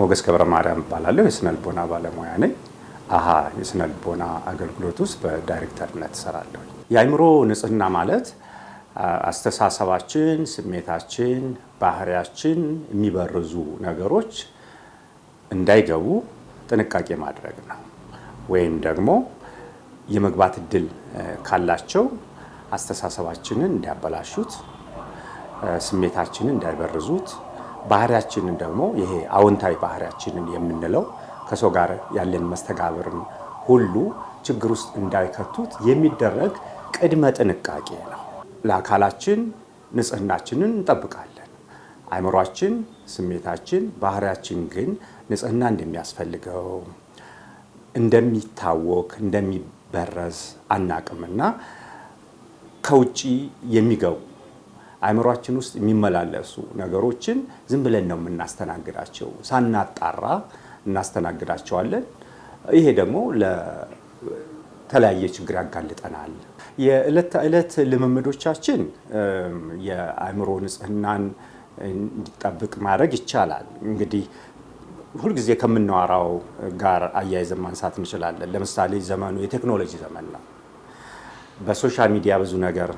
ሞገስ ገብረ ማርያም እባላለሁ። የስነልቦና ባለሙያ ነኝ። አሃ የስነልቦና አገልግሎት ውስጥ በዳይሬክተርነት እሰራለሁ። የአእምሮ ንጽህና ማለት አስተሳሰባችን፣ ስሜታችን፣ ባህሪያችን የሚበርዙ ነገሮች እንዳይገቡ ጥንቃቄ ማድረግ ነው። ወይም ደግሞ የመግባት እድል ካላቸው አስተሳሰባችንን እንዳያበላሹት፣ ስሜታችንን እንዳይበርዙት ባህሪያችንን ደግሞ ይሄ አዎንታዊ ባህሪያችንን የምንለው ከሰው ጋር ያለን መስተጋብርን ሁሉ ችግር ውስጥ እንዳይከቱት የሚደረግ ቅድመ ጥንቃቄ ነው። ለአካላችን ንጽህናችንን እንጠብቃለን። አይምሯችን ስሜታችን፣ ባህሪያችን ግን ንጽህና እንደሚያስፈልገው እንደሚታወክ፣ እንደሚበረዝ አናቅምና ከውጭ የሚገቡ አእምሯችን ውስጥ የሚመላለሱ ነገሮችን ዝም ብለን ነው የምናስተናግዳቸው፣ ሳናጣራ እናስተናግዳቸዋለን። ይሄ ደግሞ ለተለያየ ችግር ያጋልጠናል። የዕለት ተዕለት ልምምዶቻችን የአእምሮ ንጽህናን እንዲጠብቅ ማድረግ ይቻላል። እንግዲህ ሁልጊዜ ከምናወራው ጋር አያይዘን ማንሳት እንችላለን። ለምሳሌ ዘመኑ የቴክኖሎጂ ዘመን ነው። በሶሻል ሚዲያ ብዙ ነገር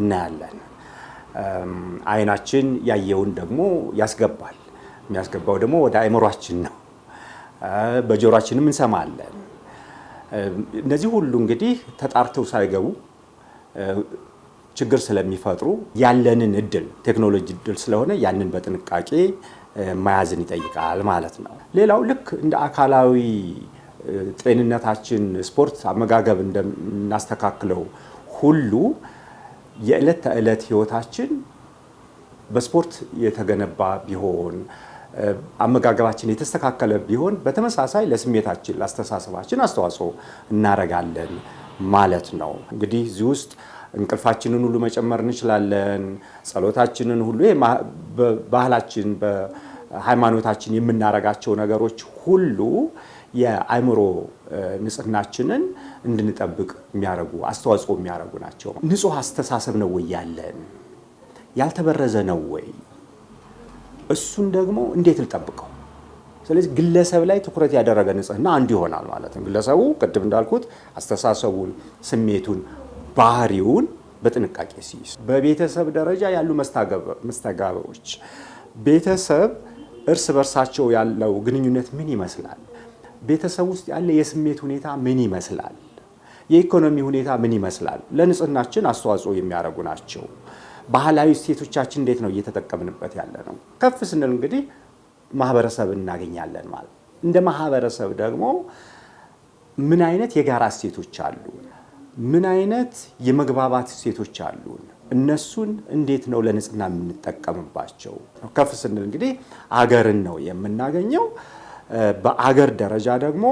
እናያለን። አይናችን ያየውን ደግሞ ያስገባል። የሚያስገባው ደግሞ ወደ አይምሯችን ነው። በጆሯችንም እንሰማለን። እነዚህ ሁሉ እንግዲህ ተጣርተው ሳይገቡ ችግር ስለሚፈጥሩ ያለንን እድል ቴክኖሎጂ እድል ስለሆነ ያንን በጥንቃቄ መያዝን ይጠይቃል ማለት ነው። ሌላው ልክ እንደ አካላዊ ጤንነታችን ስፖርት፣ አመጋገብ እንደምናስተካክለው ሁሉ የዕለት ተዕለት ህይወታችን በስፖርት የተገነባ ቢሆን አመጋገባችን የተስተካከለ ቢሆን በተመሳሳይ ለስሜታችን፣ ለአስተሳሰባችን አስተዋጽኦ እናደርጋለን ማለት ነው። እንግዲህ እዚህ ውስጥ እንቅልፋችንን ሁሉ መጨመር እንችላለን። ጸሎታችንን ሁሉ ባህላችን ሃይማኖታችን የምናረጋቸው ነገሮች ሁሉ የአእምሮ ንጽህናችንን እንድንጠብቅ የሚያደርጉ አስተዋጽኦ የሚያደርጉ ናቸው። ንጹህ አስተሳሰብ ነው ወይ ያለን? ያልተበረዘ ነው ወይ? እሱን ደግሞ እንዴት ልጠብቀው ስለዚህ ግለሰብ ላይ ትኩረት ያደረገ ንጽህና አንዱ ይሆናል ማለት ነው። ግለሰቡ ቅድም እንዳልኩት አስተሳሰቡን፣ ስሜቱን፣ ባህሪውን በጥንቃቄ ሲይዝ፣ በቤተሰብ ደረጃ ያሉ መስተጋበሮች ቤተሰብ እርስ በርሳቸው ያለው ግንኙነት ምን ይመስላል? ቤተሰብ ውስጥ ያለ የስሜት ሁኔታ ምን ይመስላል? የኢኮኖሚ ሁኔታ ምን ይመስላል? ለንጽህናችን አስተዋጽኦ የሚያደርጉ ናቸው። ባህላዊ እሴቶቻችን እንዴት ነው እየተጠቀምንበት ያለ ነው? ከፍ ስንል እንግዲህ ማህበረሰብ እናገኛለን ማለት እንደ ማህበረሰብ ደግሞ ምን አይነት የጋራ እሴቶች አሉ? ምን አይነት የመግባባት እሴቶች አሉ? እነሱን እንዴት ነው ለንጽህና የምንጠቀምባቸው? ከፍ ስንል እንግዲህ አገርን ነው የምናገኘው። በአገር ደረጃ ደግሞ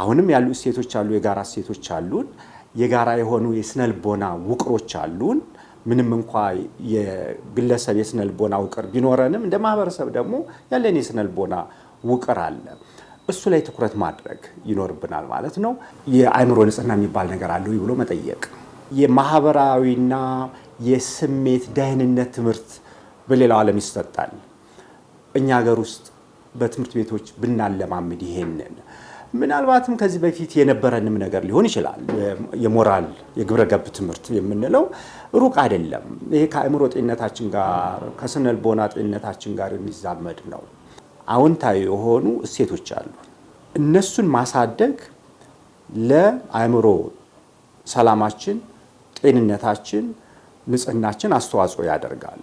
አሁንም ያሉ እሴቶች አሉ፣ የጋራ እሴቶች አሉን። የጋራ የሆኑ የስነልቦና ውቅሮች አሉን። ምንም እንኳ የግለሰብ የስነልቦና ውቅር ቢኖረንም እንደ ማህበረሰብ ደግሞ ያለን የስነልቦና ውቅር አለ። እሱ ላይ ትኩረት ማድረግ ይኖርብናል ማለት ነው። የአእምሮ ንጽህና የሚባል ነገር አለ ብሎ መጠየቅ የማህበራዊና የስሜት ደህንነት ትምህርት በሌላው ዓለም ይሰጣል። እኛ ሀገር ውስጥ በትምህርት ቤቶች ብናለማምድ ይሄንን ምናልባትም ከዚህ በፊት የነበረንም ነገር ሊሆን ይችላል። የሞራል የግብረገብ ትምህርት የምንለው ሩቅ አይደለም። ይሄ ከአእምሮ ጤንነታችን ጋር ከስነልቦና ጤንነታችን ጋር የሚዛመድ ነው። አዎንታዊ የሆኑ እሴቶች አሉ። እነሱን ማሳደግ ለአእምሮ ሰላማችን፣ ጤንነታችን ንጽህናችን አስተዋጽኦ ያደርጋሉ።